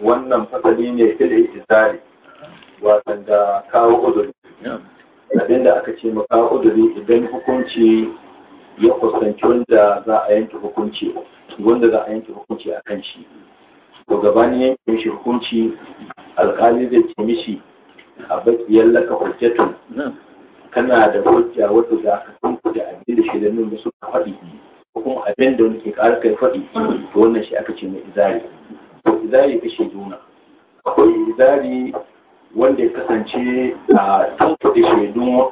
wannan fasali ne fil itisari wasan da kawo uzuri abinda aka ce ma kawo uzuri idan hukunci ya kusanci wanda za a yanke hukunci wanda za a yanke hukunci a kan shi ko gabanin yanke mishi hukunci alkali zai ce mishi a bakiyar laka hujjatun kana da hujja wata za ka tunku da abin da shirin da suka faɗi ko kuma abin da wani ke ƙara kai faɗi to wannan shi aka ce mai izari to izari shi juna akwai izari wanda ya kasance a tankuɗe shaidun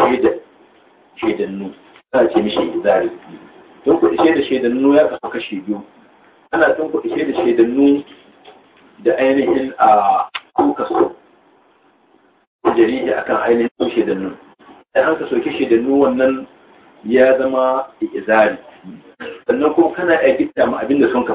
shaidan shaidannu ana ce mishi izari shaidannu ya kasu kashe biyu ana tankuɗe shaidan nu da ainihin a kukasu jarihi akan ainihin shaidannu da an ka soke nu wannan ya zama izari sannan kuma kana iya gita ma abin da sun ka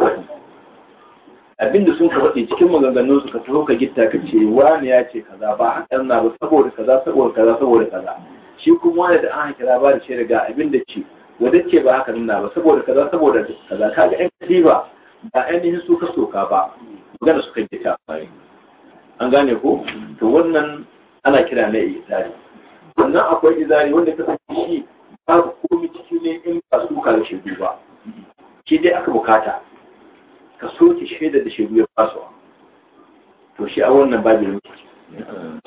abinda sun ka faɗi cikin maganganun su ka taho ka gitta ka ce wani ya ce kaza ba Haka na ba saboda kaza saboda kaza saboda kaza shi kuma wani da an kira ba da ce daga abin da ce wanda ce ba haka na ba saboda kaza saboda kaza ka ga yan kadiba ba ainihin su ka soka ba magana suka gita. bai an gane ko to wannan ana kira na izari wannan akwai izari wanda ka san shi babu komai cikin ne in ba su ka shi ba shi dai aka bukata ka soke shaida da shi guyar fasuwa to shi a wannan babin mutunci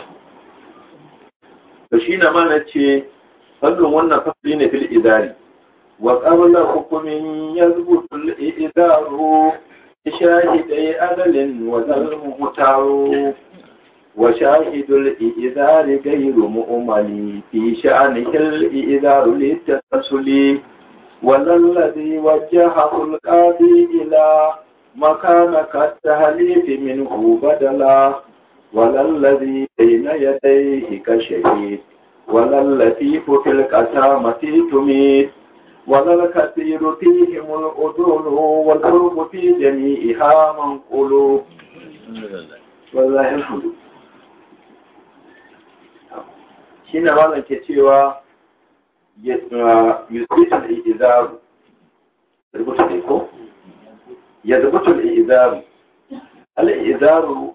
to shi na mana ce fallon wannan fasli ne fil idari wa qabla hukmin yazbutu al idaru bi shahidai adalin wa zalm mutaru wa shahidul idari gairu mu'mali fi sha'ni al idaru li tasli wa lalladhi wajjaha al qadi ila مكانك التهليف منه بدلا ولا الذي بين يديه كشهيد ولا اللطيف في القسامة تميت ولا الكثير فيهم الأذون والقرب في جميعها منقول والله الحمد shine malam ke cewa ya yusbitul izaru rubuta ne ko ya zubutu al'izaru al'izaru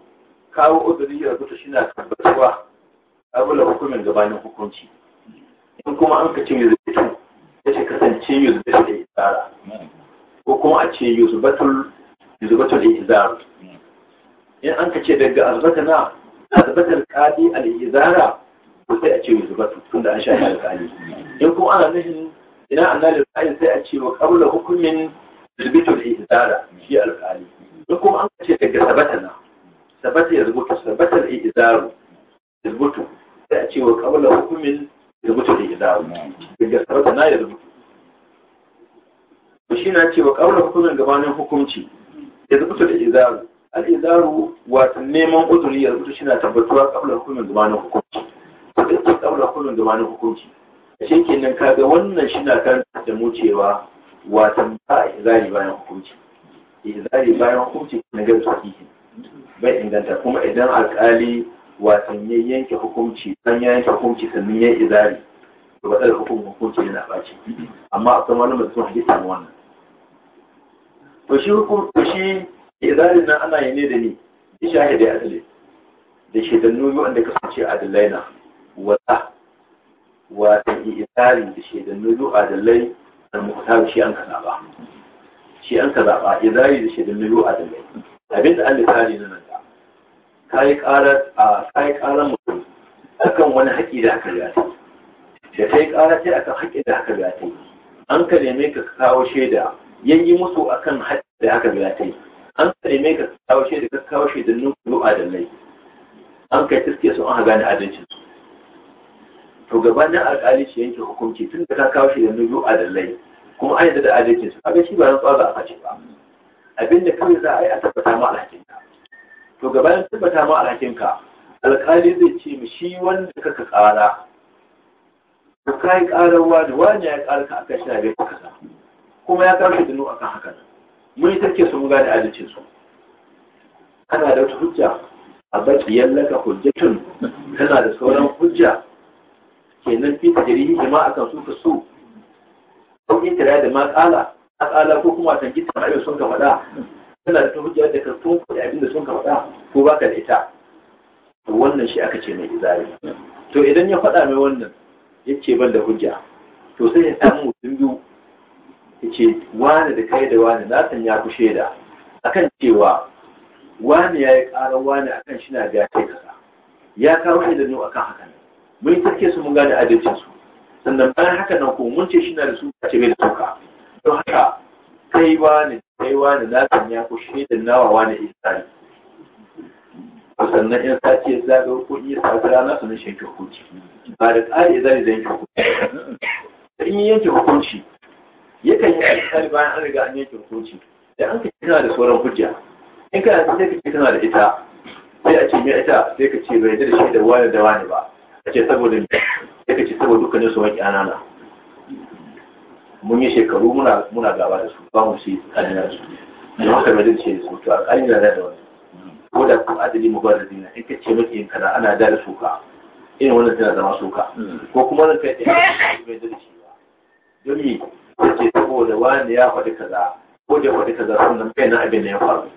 kawo uzuri ya zubutu shi na tabbatuwa abula hukumin gabanin hukunci in kuma an ka ce yuzubitu ya ce kasance yuzubitu al'izara ko kuma a ce yuzubitu al'izaru in an ka ce daga azbata na azbatar kadi al'izara ko sai a ce yuzubatu tunda an sha alƙali in kuma ana nufin ina annalin sai a ce wa qabla hukumin yuzubitu al'izara shi alƙali duk kuma an ce daga sabata na sabata ya rubuta sabata da izaru rubutu sai a ce wa kabla hukumin rubuta da izaru daga sabata na ya rubuta to shi na ce wa hukumin gabanin hukunci ya rubuta da izaru al izaru wato neman uzuri ya rubuta shi na tabbatuwa kabla hukumin gabanin hukunci sai ce hukumin gabanin hukunci shi kenan kaga wannan shi na kan da mu cewa watan ba a bayan hukunci izari bayan hukunci na gaisu sahihi bai inganta kuma idan alkali wasan ya yanke hukunci dan ya yanke hukunci sannan ya izari to ba tsara hukumin hukunci yana ɓaci amma akwai malama sun hadisa na wannan to shi hukunci shi izarin nan ana yi ne da ni da shahidai adalai da shaidannu wanda kasance adalai na wata wata izari da shaidannu adalai da muhtar shi an kana ba shi an ka zaɓa ya zayi da shaidun miliyo a dalai abin da Allah tsari na nan ka yi ƙara. a ka yi mutum akan wani haƙƙi da aka ga ta da ka yi ƙara ta akan haƙƙi da aka ga ta an ka neme ka kawo shaida yayi musu akan haƙi da aka ga ta an ka neme ka kawo shaida ka kawo shaidun miliyo a dalai an kai iske su an gane adalcin su to gabanin alƙali shi yanke hukunci tun da ka kawo shaidun miliyo a dalai kuma an yadda da adalcin su kaga shi ba rantsuwa ba a kace ba abinda kawai za a yi a tabbata ma alhakin ka to gabanin tabbata ma alhakin ka alkali zai ce mu shi wanda kaka kara ka kai karawa da wani ya kara ka aka shirya bai kasa kuma ya kara dinu akan hakan mun take su sun gane adalcin su kana da wata hujja a baki yallaka hujjatun kana da sauran hujja kenan fi jirgin jama'a kan su ka so ko itira da matsala kala akala ko kuma san kitan ayo sun ka faɗa kana da hujja da ka tun da abinda sun ka faɗa ko baka da ita to wannan shi aka ce mai izari to idan ya faɗa mai wannan ya ce ban da hujja to sai ya samu mutum biyu ya ce wani da kai da wani na san ya da. A akan cewa wani ya yi ƙarar wani akan shi na biya kai kasa ya kawo a akan hakan mun yi su mun gane adalcinsu sannan bayan haka nan ko mun ce shi na da su a ce da sauka don haka kai wa ne kai wa ne na sanya ku shaidan nawa wa ne isari sannan in sace ya zaɓe ko iya sace rana su na shanke hukunci ba da tsari zai zai yanke hukunci da in yanke hukunci yakan yi isari bayan an riga an yanke hukunci da an kace tana da sauran hujja in kana sai kake tana da ita sai a ce me ita sai ka ce bai da shi da wani da wani ba ce saboda ya kace saboda dukkanin su maki anana mun yi shekaru muna muna gaba da su ba mu shi kanina su da haka bai dace su to kanina da da wani ko da kuma adali da na in kace maki in kana ana da su ka irin wannan tana zama suka ko kuma na kai bai dace ba don me ce saboda wani ya faɗi kaza ko da faɗi kaza sannan bai na abin da ya faru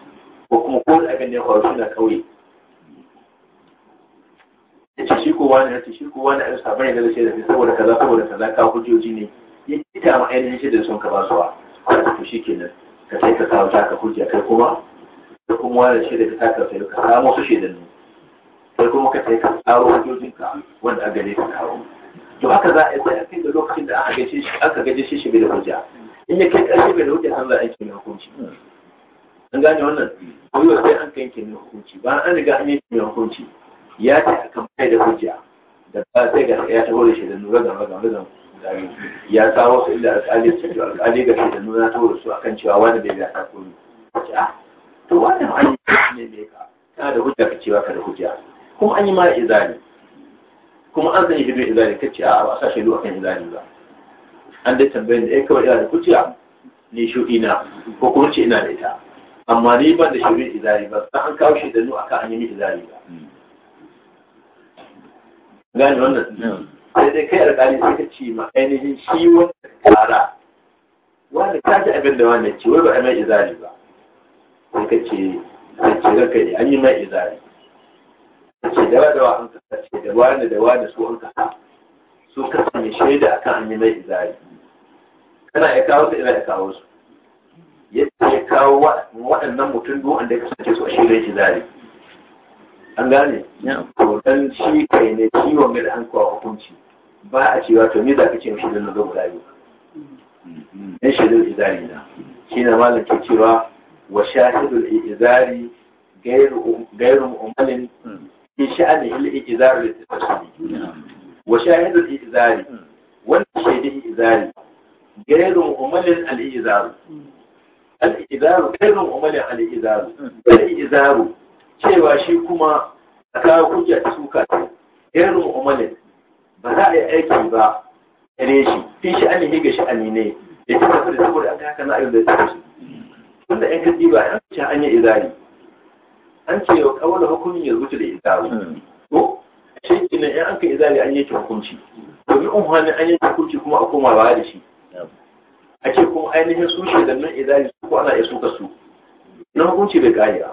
ko kuma ko da abin da ya faru suna kauye ko wani na ce shi ko wani a sabai da zai da saboda kaza saboda kaza ka hujjoji ne ya kita ma ainihin shi da son ka ba su wa to shi kenan ka sai ka kawo taka hujja kai kuma da kuma wani shi da taka sai ka samu su da ne sai kuma ka sai ka tsaro hujjojin ka wanda a gare ka kawo to haka za a yi sai a kai da lokacin da aka gaje shi aka gaje shi shi bai da hujja in ya kai ƙarshe bai da hujja san za a yi mai hukunci an gane wannan ko yau sai an kai mai hukunci ba an riga an yi mai hukunci ya ce a kan bai da hujja da ba sai ga ya ta da shi da nura da ragan ragan ya kawo su inda alƙali su ji alƙali ga shi da nura ta da su kan cewa wani bai ga ta koyi ah, to wannan an yi ne mai ka ta da hujja ka cewa ka da hujja kuma an yi ma izali kuma an zai shaidu izali ka ce ah, a ba sa shaidu kan izali ba an dai tambayin da eh, ya kawai ina da hujja ni shuɗi na ko kuma ce ina da ita amma ni ban da shirin izali ba sai an kawo shaidanu ka an yi izali ba gane wannan sai dai kai alƙali sai ka ce ma ainihin shi wanda tsara wanda ka ji abin da wannan ce wai ba a mai izari ba sai ka ce sai ce ranka ne an yi mai izari ka ce da wadawa an ka ce da wani da da su an ka su ka sami shaida a kan an yi mai izari kana ya kawo su ina ya kawo su yadda ya kawo waɗannan mutum duk wanda ya kasance su a shirin izari an gane to dan shi kai ne ciwon mai da an kawo hukunci ba a ce wato ni da kake shi da zuwa gari biyu shi mm-hmm. shaidu izari na shi na malam ke cewa wa shahidul izari gairu um, gairu mu'malin mm. in sha'ani il izari da tashabi wa shahidul izari mm. wanda shaidu izari gairu mu'malin al izaru mm. al izaru gairu mu'malin al izaru al izaru cewa shi kuma a kawo kujiyar ta suka ta irin umarnin ba za a yi aiki ba ne shi fi shi an ga shi ne ya ci tafi da saboda an haka na ayyuka da ta shi wanda yan kaji ba an ce an yi izari an ce yau da hukumin ya rubuta da izari ko shi kinan yan aka izari an yanke hukunci domin unhani an yanke hukunci kuma a koma baya da shi a ce kuma ainihin su shi da nan izari su ko ana iya suka su na hukunci bai kare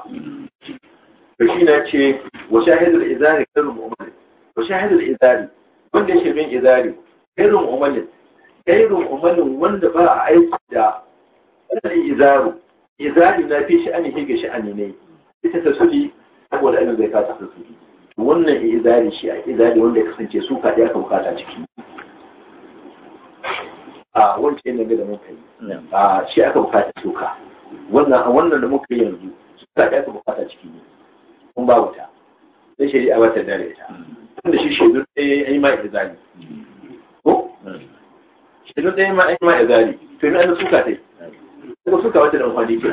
to shi na ce wa shahidul izari irin umalin wa shahidul izari wanda shi bin izari kairun umalin irin umalin wanda ba a aiki da wani izaru izari na fi sha'ani shi ga sha'ani ne ita ta suli saboda abin zai kasa ta suli wannan izari shi a izari wanda ya kasance su ɗaya aka kata ciki a wancan yanayi da muka yi a shi aka bukata suka wannan da muka yi yanzu suka ɗaya aka bukata ciki ne kun ba wuta sai shi a wata dare ta tunda shi shaidu ɗaya ya yi ma izali ko shaidu ɗaya ma ya yi ma izali to ina da suka sai? kuma suka wata da amfani ke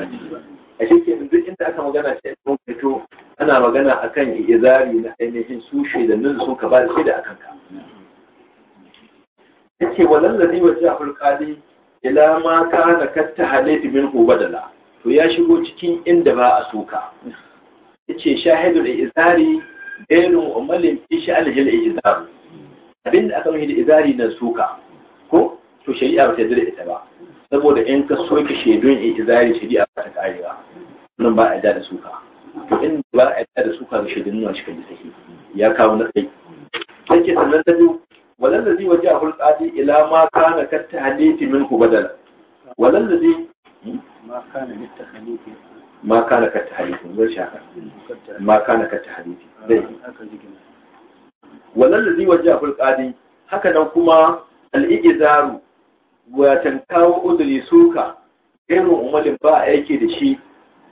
a shi ke duk inda aka magana sai mun fito ana magana akan zari na ainihin su da nuna suka ba da shaida akan ka yace walal ladhi wajaha a qadi ila ma kana katta halaiti minhu badala to ya shigo cikin inda ba a suka yace shahidul izari bainun umalin fi sha'alhil izar abin da aka nufi da izari na suka ko to shari'a ba ta yarda ita ba saboda in ka soke shaidun izari shari'a ba ta kare ba nan ba a da da suka to in ba a da da suka ga shaidun nan shi kan sai ya kawo na sai sai sannan ta biyu walan da zai waje a hulɗaɗi ila ma kana katta hadithi min badal badala ladhi zai hmm? ma kana litta ma kana ka taharifi zai shaka ma kana ka taharifi zai wannan da zai ji a fulƙadi haka nan kuma al'igizaru watan kawo udiri suka irin umarin ba a yake da shi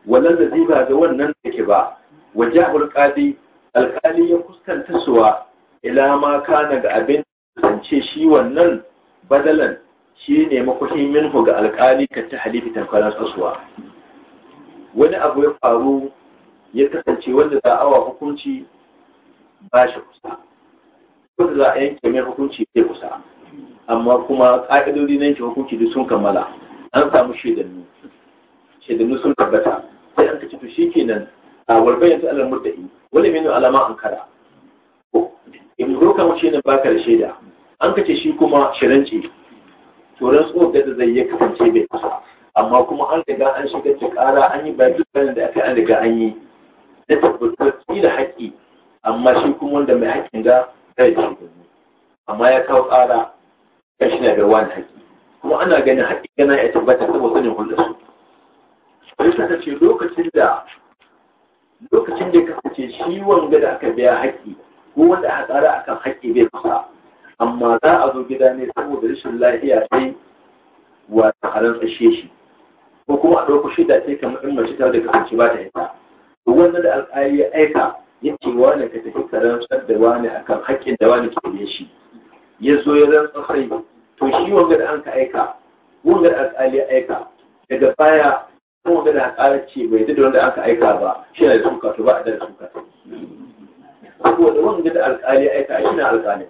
wannan da zai ba da wannan ba waje a fulƙadi alƙali ya kuskanta suwa ila ma kana ga abin zance shi wannan badalan shi ne makwashin minhu ga alƙali ka ta halifi tamkarar kasuwa wani abu ya faru ya kasance wanda za a awa hukunci ba shi kusa wanda za a yanke mai hukunci ya kusa amma kuma ƙa'idodi na yanke hukunci duk sun kammala an samu shaidannu shaidannu sun tabbata sai an kace to nan. a warbayan ta alal murda'i wani minu alama an kara in zo kama shi ne baka da shaida an kace shi kuma shiranci to ran tsohon da zai ya kasance bai kusa amma kuma an riga an shiga ta ƙara an yi baki bayan da aka riga an yi da tabbatar da haƙƙi amma shi kuma wanda mai haƙƙin da zai shi amma ya kawo ƙara kan shi na da wani haƙƙi kuma ana ganin haƙƙi yana ya tabbata saboda sanin hulɗa su sai ta ce lokacin da lokacin da kasance shi wanga da aka biya haƙƙi ko wanda aka ƙara akan haƙƙi bai kusa amma za a zo gida ne saboda rashin lafiya sai wata a rantsashe shi ko kuma a ɗauko shida ce kamar in mace ta da kasance ba ta haifa to wanda da alƙali ya aika ya ce ne ka tafi ka rantsar da ne akan haƙƙin da ne ke da shi ya zo ya rantsar sai to shi wanga da an ka aika wanga da alƙali ya aika daga baya kan wanga da alƙali ce bai da wanda aka aika ba shi na da suka to ba a da suka saboda wanga da alƙali ya aika shi na alƙali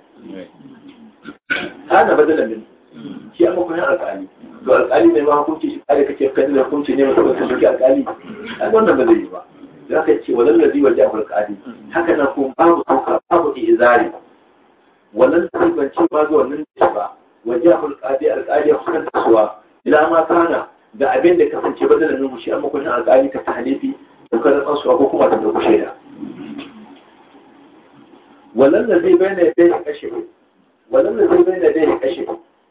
kana da min shi a makonin alƙali to alƙali mai ma hukunci shi kare kake kan da hukunci ne mutum ka shi alƙali ai wannan ba zai yi ba za ka ce walal ladhi wa ja'al alƙali haka nan kuma babu sauka babu izari wannan sai ban ce ba zuwa nan ce ba wa ja'al alƙali alƙali hukunta suwa ila ma kana da abin da kasance ba da nan mushi amma kun alƙali ka tahlifi to kada an su ko kuma ta dauko shaida wallan da zai bayyana da ya kashe wallan da zai ya kashe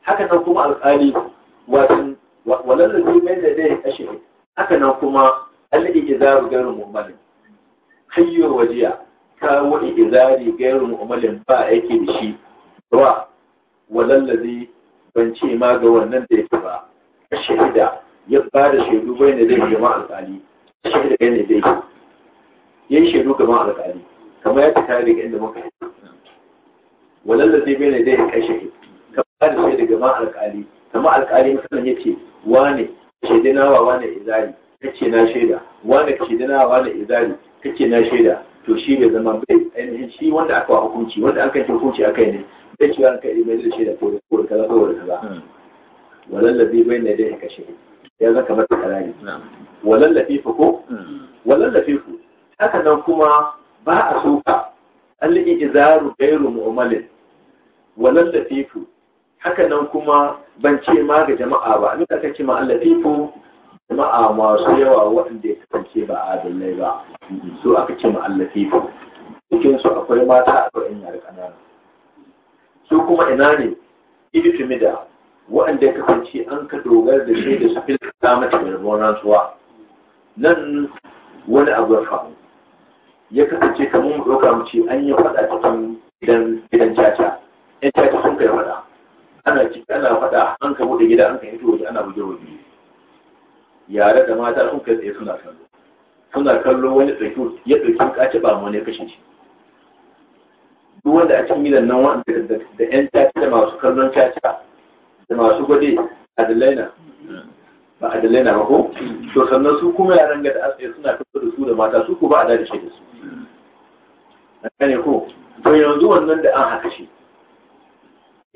haka nan kuma alƙali wato walalla zai mai da zai kashe haka nan kuma za izaru ghayru mu'malin hayyar wajiya kawo izari ghayru mu'malin ba yake da shi ba walalla zai ban ce ma ga wannan da yake ba shahida ya ba da shaidu bai ne zai jama'a alƙali shahida bai ne zai yi shaidu gaban alƙali kamar ya kare daga inda muka yi walalla zai bai da zai kashe shahida kada sai daga ma alƙali kama alƙali musamman ya ce wane shaidana wa wane izari kace na shaida wane ka shaidana wa wane izari kace na shaida to shi bai zama bai ainihin shi wanda aka wa hukunci wanda aka yi hukunci aka yi ne bai cewa kai mai da shaida ko da ko da kaza ko da kaza hmm. walallabi bai ne dai ka shaida ya zaka mata karari walallabi fa ko hmm. walallabi ku haka nan kuma ba a soka al izaru gairu mu'malin walallabi ku hakanan kuma ban ce ma ga jama'a ba ni ka ce ma ko jama'a masu yawa waɗanda ya kasance ba adalai ba su aka ce ma allatifu cikin su akwai mata akwai yan yara ƙanana su kuma ina ne ibi fimida, waɗanda ya kasance an ka dogara da shi da su fi mata mai rabuwar suwa nan wani abu ya faru ya kasance kamar mu ɗauka mu ce an yi faɗa cikin gidan caca yan caca sun kai faɗa ana ciki ana faɗa an ka buɗe gida an ka hito waje ana buge waje yare da mata sun kai tsaye suna kallo suna kallo wani ɗauki ya ɗauki kace ba mu ne kashe shi duk wanda a cikin gidan nan wanda da ƴan caca da masu kallon caca da masu gwade adalaina ba adalaina ba ko to sannan su kuma yaran ga da tsaye suna kallo da su da mata su ku ba a dace da su ne ko to yanzu wannan da an haka shi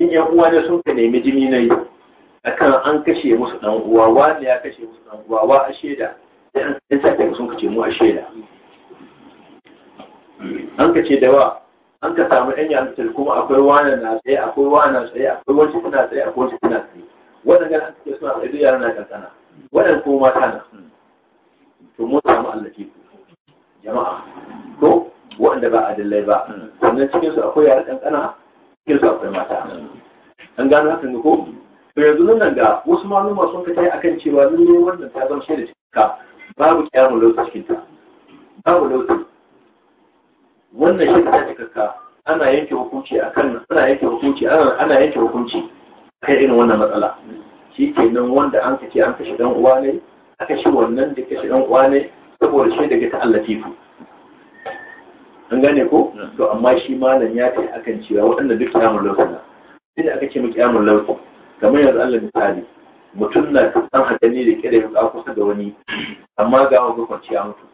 in yan uwa ne sun ka nemi jini na yi akan an kashe musu dan uwa wa ne ya kashe musu dan uwa wa a shaida in sake sun kace mu a shaida an kace da wa an ka samu yan yantar kuma akwai wani na tsaye akwai wani na tsaye akwai wani kuna tsaye akwai wani kuna tsaye waɗanda an kace suna tsaye duk yaran na kankana waɗanda kuma mata na to mun samu ke jama'a ko waɗanda ba dillai ba sannan cikinsu akwai yaran kankana cikin akwai mata an gano haka ne ko to yanzu nan ga wasu malama sun fita akan cewa nan ne wannan ta zama shaida cikakka babu kyamun lauta cikin ta babu lauta wannan shaida ta cikakka ana yanke hukunci akan ana yanke hukunci ana yanke hukunci kai irin wannan matsala shi ke nan wanda an kace an kashe dan uwa ne aka shi wannan da kashe dan uwa ne saboda shi ga ta Allah tifu an gane ko to amma shi malam ya ce akan cewa waɗanda duk kiyamun lausu na sai da aka ce mu kiyamun lausu kamar yanzu Allah misali mutum na kan hadani da kira ya kusa da wani amma ga wani kwanciya mutu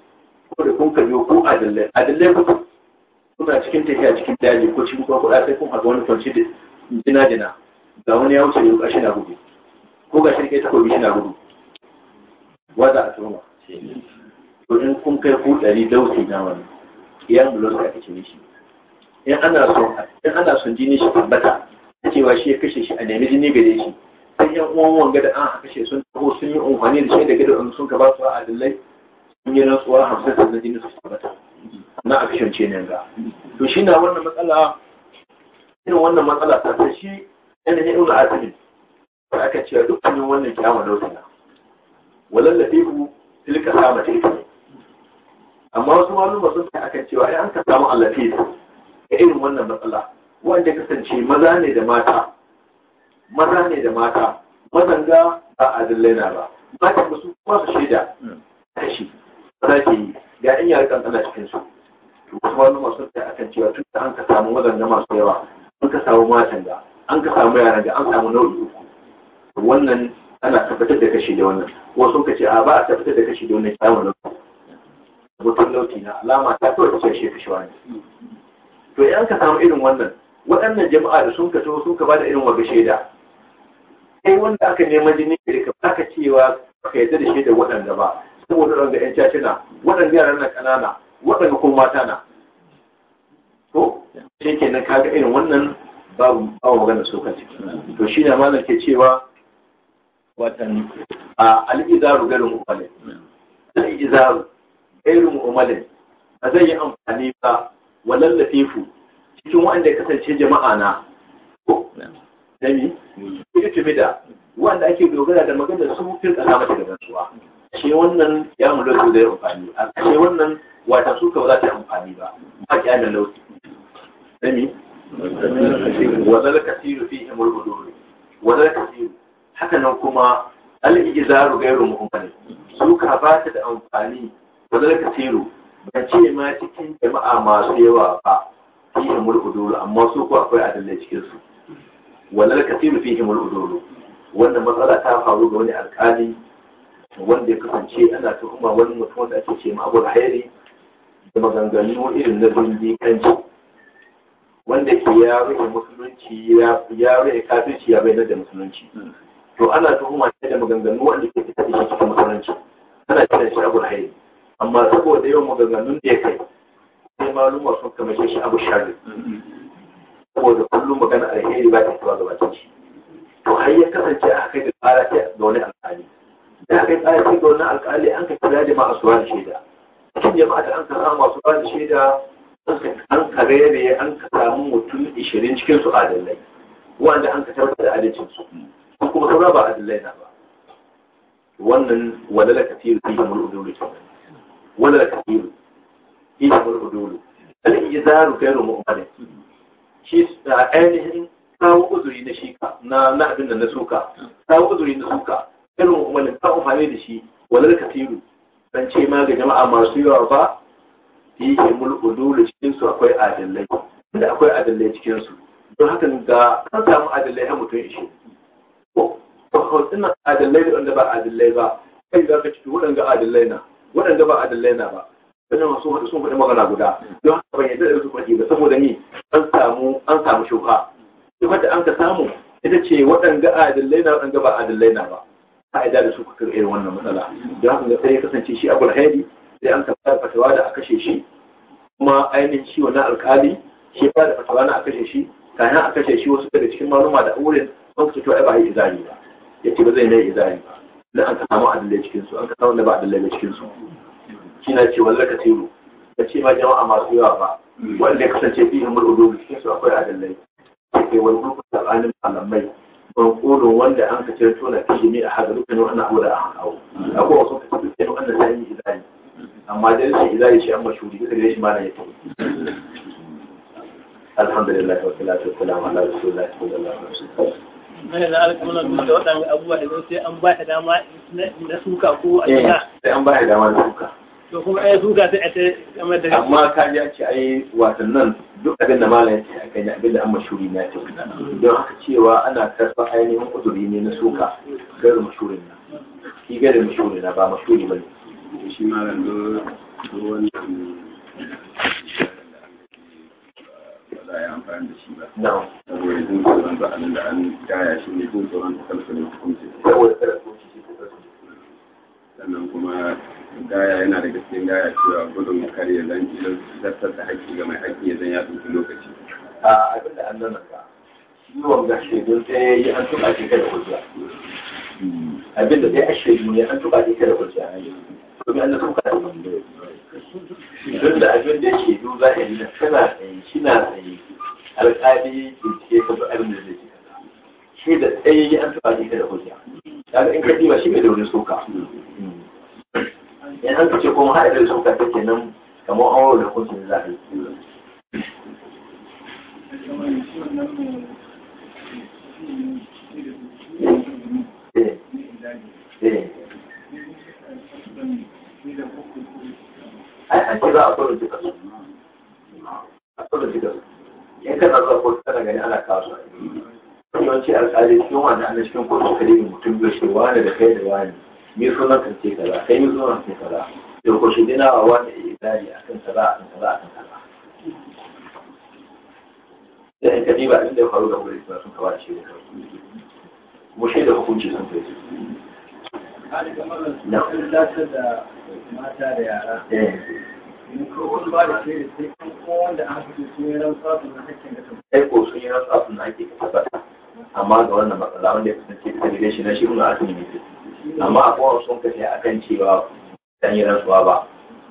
ko da kun biyo ko adalai adalai ku kuna cikin tafiya cikin daji ko cikin da sai kun haɗa wani kwanci da jina jina ga wani ya wuce yau ƙarshe na gudu ko ga shirke ta kobi na gudu wadda a turma to in kun kai ku ɗari dausi na wani da blood aka ce shi in ana so in ana son jini shi tabbata cewa shi ya kashe shi a nemi jini gare shi sai yan uwan wanga gada an kashe sun taho sun yi amfani da shi da gado an sun ka ba su adalai sun yi rantsuwa hamsin da jini su tabbata na a kashe ce ne ga to shi na wannan matsala irin wannan matsala ta ta shi yana yin ibn asimin da aka cewa dukkanin wannan kiyama lokacin walallafi ku tilka sama tilka amma wasu maluma sun sai akan cewa ai an ka samu allafi ga irin wannan matsala wanda kasance maza ne da mata maza ne da mata mazanga ba a na ba mata ba su kuma su shaida kashi maza ke yi ga in yare kankana cikin su to wasu maluma sun sai akan cewa tun da an ka samu mazanga masu yawa an ka samu matan ga an ka samu yaran ga an samu nau'i uku wannan ana tabbatar da kashi da wannan wasu ka ce a ba a tabbatar da kashi da wannan kyawun nau'i mutum lauki na alama ta kawai da shi fi shiwa to yan ka samu irin wannan waɗannan jama'a da sun ka so sun ka da irin wanda shaida kai wanda aka neman jini da ka baka cewa ka yarda da shaidar waɗanda ba saboda waɗanda 'yan cacina waɗanda yaran na ƙanana waɗanda kuma mata na to shi kenan kaga irin wannan babu babu magana so kan ciki to shi ne malam ke cewa watan a al'izaru garin ukwale al'izaru irin umalin ba zai yi amfani ba walan ku cikin wanda ya kasance jama'a na dami ilitumi da wanda ake dogara da magana su fil alama da rantsuwa shi wannan ya mu lauki da amfani a kashe wannan wata su ka ba za ta amfani ba ba ki ana lauki dami wadal kasiru fi imul wa wadal kasiru haka nan kuma al-izaru ghairu mu'min su ka ba ta da amfani ka tero ba ce ma cikin jama'a masu yawa ba fihi mul'udulu amma su ko akwai adalai cikin su wazar kasiru fihi mul'udulu wannan matsala ta faru ga wani alkali wanda ya kasance ana tuhuma wani mutum wanda ake ce ma abu da maganganu irin na bindi kanci wanda ke ya rufe musulunci ya rufe kafirci ya bayyana da musulunci to ana tuhuma da maganganu wanda ke fitar da shi cikin musulunci ana kiran shi abu alheri amma saboda yawan maganganun da ya kai sai maluma sun kama shi abu shari saboda kullum magana alheri ba ta fitowa gaba ta shi to har ya kasance a kai da tsara ta ga wani alƙali da aka yi tsara ta ga wani alƙali an ka kira jama'a su da shaida cikin jama'a da an ka samu masu da shaida an ka rere an ka samu mutum ishirin cikin su adalai wanda an ka tabbata da adalcin su kuma saura ba adalai na ba wannan wadala kafin fiye da wuri kenan wala kabiru shi ne wani dole al-izaru kairu mu'mani shi ainihin kawo uzuri na shi na na abin da na suka kawo uzuri na suka kairu mu'mani ta amfani da shi wala kabiru dan ce ma ga jama'a masu yawa ba shi ne mulku dole cikin su akwai adalai da akwai adalai cikin su don haka ga an samu adalai har mutum ishe ko ko ina adalai da wanda ba adalai ba kai za ka ci waɗanda adalai na waɗanda ba adalai na ba wannan masu wata sun faɗi magana guda don haka ban yadda da su faɗi ba saboda ni an samu an samu shuka Duk da an ka samu ita ce waɗanda adalai na waɗanda ba adalai na ba ka'ida da su ka kan irin wannan matsala don haka ga sai ya kasance shi abul haidi sai an tabbata fatawa da a kashe shi kuma ainihin shi wannan alkali shi ba da fatawa na a kashe shi kafin a kashe shi wasu daga cikin maluma da auren sun fito ai ba yi izari ba yace ba zai yi izari ba dan an samu adalai cikin su an samu da ba adalai cikin su shine ce wallaka tilu ka ce ma jama'a masu yawa ba wanda ya kasance fi himar ulumi cikin su akwai adalai kai wani gurbu tsakanin malamai ban kodon wanda an ka cire tona kashe ne a haka dukkanin wannan abu da aka kawo akwai wasu kashe dukkanin wannan sai yi izayi. amma dai rashin izayi shi an mashuri ita gare shi ma na yi tafi alhamdulillah wa salatu wa salam ala rasulillah sallallahu alaihi wasallam mai da alƙawarin da waɗannan abubuwa da sai an ba ta dama na suka ko a eh, sai an ba ta dama na suka to kuma ai su ga ta ta kamar da amma ka ji ce ai watan duk abin da malam ce aka yi abin da an mashuri na ce don haka cewa ana karɓa ainihin uzuri ne na suka gari mashurin na shi gari mashurin na ba mashuri ne shi malam do wannan amfani da shi ba. Saboda jin tsoron ba da an gaya shi ne jin tsoron da kalfa hukunci. Sannan kuma gaya yana da cikin gaya cewa gudun kare ya zan zartar da haƙƙi ga mai haƙƙi ya zan ya ɗauki lokaci. a abin da an nuna ka shi wanga shaidun sai ya yi an tuɓa shi kada hujja abin da sai a shaidu ne an tuɓa shi kada hujja domin an tuɓa da wanda don da abin da shaidu za a yi na kana shi na tsaye alƙali bincike ka abin da zai shi da tsaye an tuɓa shi kada hujja kaga in ka ɗiba shi mai da wani soka yanzu kace kuma haɗa da suka take nan kamar awo da za zafi yi ce eh, eh. za a kwaro jika su a kwaro jika su in kana zuwa kotu kana gani ana kawo su yawanci alƙali cikin wanda ana cikin kotu kare mutum biyu shi wani da kai da wani ni sunan kan ce kaza kai ni sunan ce kaza to ko shi dina wa wata ibadi akan kaza akan kaza akan kaza da in kaji ba inda ya faru da wuri sun kawo shi da mu da hukunci sun kai na da mata da yara eh. ko da sai sun yi rantsa sun hakkin da kan sun yi da da amma ga wannan matsala wanda ya kasance da shi na shi kuma a ne amma akwai sun kashe akan cewa dan yi rantsuwa ba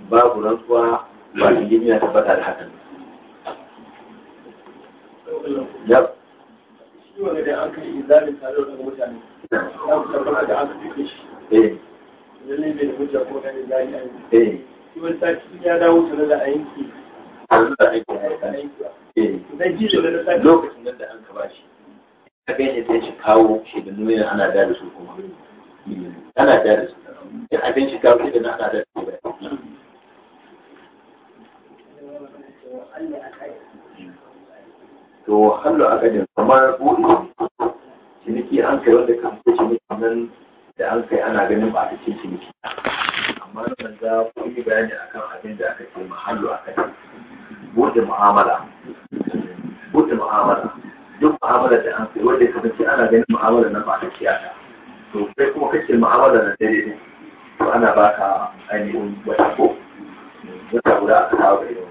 babu rantsuwa ba ilimi na tabbata da hakan ya shi wanda da an kai izalin tare da mutane ya ku tabbata da an kai shi eh lalle bai da hujja ko da izali an eh shi wani sati ya dawo tare da ayyanki eh. lokacin da an ka bashi a kai ne sai shi kawo shi da nuna ana da su kuma ana da da su in abin shi kawo da na ana da su to hallo a gajin kamar buɗe ciniki an kai wanda kan fi ciniki nan da an kai ana ganin ba a cikin ciniki amma na manza kun yi bayani akan abin da aka ce mahallo a kai buɗe mu'amala buɗe mu'amala duk mu'amala da an kai wanda kasance ana ganin mu'amala na ba a cikin to sai kuma kake ma'amala na dare to ana baka ainihin wata ko wata guda a kawo da